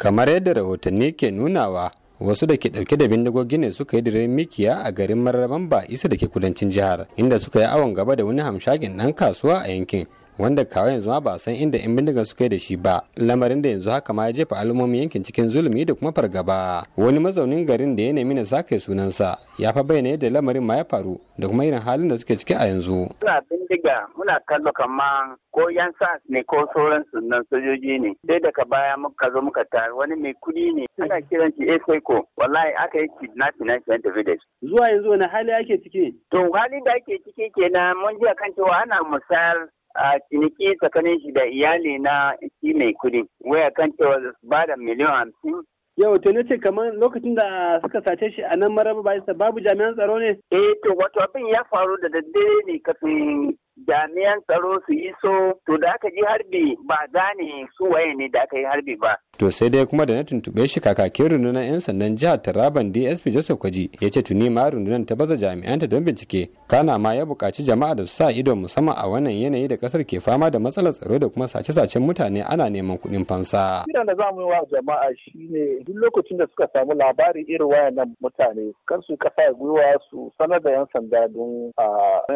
kamar yadda rahotanni ke nunawa wasu da ke dauke da bindigogi ne suka yi diren mikiya a garin mararaban ba isa da ke kudancin jihar inda suka yi awon gaba da wani hamshakin dan kasuwa a yankin wanda kawo yanzu ma ba san inda yan bindigan suka yi da shi ba lamarin da yanzu haka ma ya jefa al'ummomin yankin cikin zulumi da kuma fargaba wani mazaunin garin da ya nemi na sake sunansa ya fa bayyana yadda lamarin ma ya faru da kuma irin halin da suke ciki a yanzu. Muna bindiga muna kallo kaman ko yan sas ne ko sauran sunan sojoji ne sai daga baya muka zo muka tare wani mai kudi ne ana kiran shi Eseko wallahi aka yi kidnapping na shi tafi da Zuwa yanzu wani hali ake ciki? To hali da ake ciki kenan mun ji kan cewa ana musayar a ciniki tsakanin shi da iyali na shi mai kudi waya kan cewa ba da miliyan hamsin yau to ce kamar lokacin da suka sace shi a nan maraba ba babu jami'an tsaro ne eh to wato abin ya faru da daddare ne kafin jami'an tsaro su yi so. to da aka ji harbi ba gane su waye ne da aka yi harbi ba to sai dai kuma da na tuntuɓe shi kakakin rundunar 'yan sandan jihar taraban dsp joseph kwaji ya ce tuni ma rundunar ta baza jami'anta don bincike kana ma ya buƙaci jama'a da su sa ido musamman a wannan yanayi da ƙasar ke fama da matsalar tsaro da kuma sace-sacen mutane ana neman kuɗin fansa. kiran da zamu yi wa jama'a shine duk lokacin da suka samu labarin irin wayannan mutane kar su kasa gwiwa su sanar da 'yan sanda don a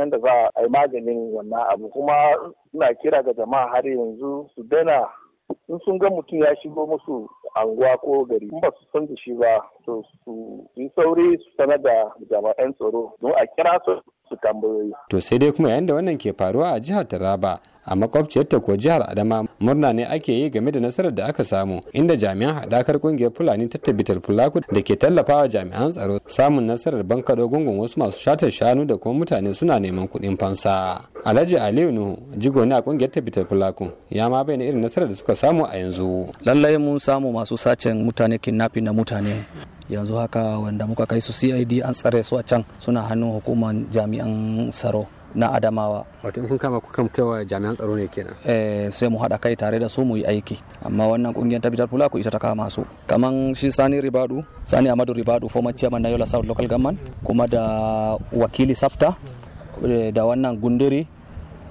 da za a yi maganin wannan abu kuma suna kira ga jama'a har yanzu su daina in sun ga mutum ya shigo musu anguwa ko gari in ba su san da shi ba to su yi sauri su sanar da jama'an tsaro don a kira su su tambayoyi. To sai dai kuma yayin da wannan ke faruwa a jihar Taraba a makwabciyar ko jihar adama murna ne ake yi game da nasarar da aka samu inda jami'an hadakar kungiyar fulani ta tabbitar fulaku da ke tallafawa jami'an tsaro samun nasarar bankaɗo gungun wasu masu shatar shanu da kuma mutane suna neman kuɗin fansa alhaji aliyu nuhu jigo ne a kungiyar tabbitar fulaku ya ma bayyana irin nasarar da suka samu a yanzu lallai mun samu masu sacen mutane kidnapping na mutane yanzu haka wanda muka kai su cid an tsare su a can suna hannun hukumar jami'an tsaro na adamawa wato in kun kama kukan kaiwa jami'an tsaro ne kenan eh sai mu haɗa kai tare da su mu yi aiki amma wannan kungiyar ta bitar fula ita ta kama su kaman shi sani ribadu sani amadu ribadu former chairman na yola south local government kuma da wakili safta eh, da wannan gunduri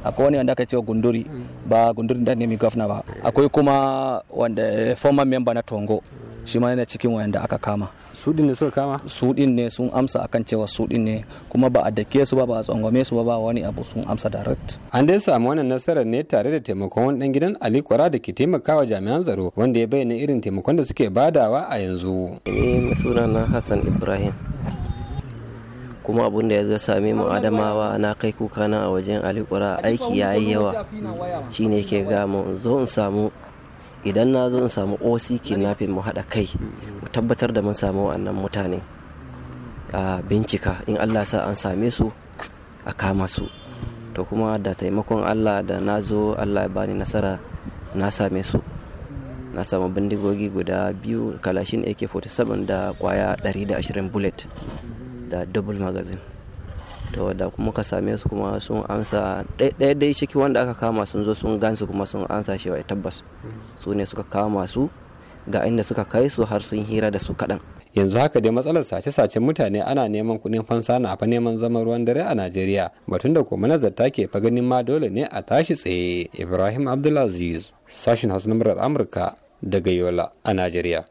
akwai wani wanda aka cewa gunduri ba gunduri da ne mai gwamna ba akwai kuma wanda eh, former member na tongo shi ma yana cikin wayanda aka kama sudin ne suka kama su ne sun amsa akan cewa su ne kuma ba a dake su ba ba a tsangwame su ba ba wani abu sun amsa direct an dai samu wannan nasarar ne tare da taimakon wani dan gidan Ali Kwara da ke taimakawa jami'an tsaro wanda ya bayyana irin taimakon da suke badawa a yanzu ni sunana Hassan Ibrahim kuma abun da ya zo same mu adamawa na kai kuka na a wajen ali Kwara aiki yayi yawa shine ke gamu zo in samu idan na zo in samu na nafi mu haɗa kai mu tabbatar da mun samu wannan mutane a bincika in allah sa an same su a kama su to kuma da taimakon allah da na zo allah ya bani nasara na same su na samu bindigogi guda biyu kalashin ak-47 da kwaya 120 bullet da double magazine ta wadda kuma ka same su kuma sun ansa ɗaya dai ciki wanda aka kama sun zo sun gansu kuma sun ansa shi wai eh, tabbas su ne suka kama su ga inda suka kai su har sun hira da su kaɗan yanzu haka dai matsalar sace-sacen mutane ana neman kuɗin fansa na fa neman zaman ruwan dare a najeriya batun da ko manazarta ke fa ganin ma dole ne a tashi tsaye ibrahim abdulaziz sashin hausa na amurka daga yola a najeriya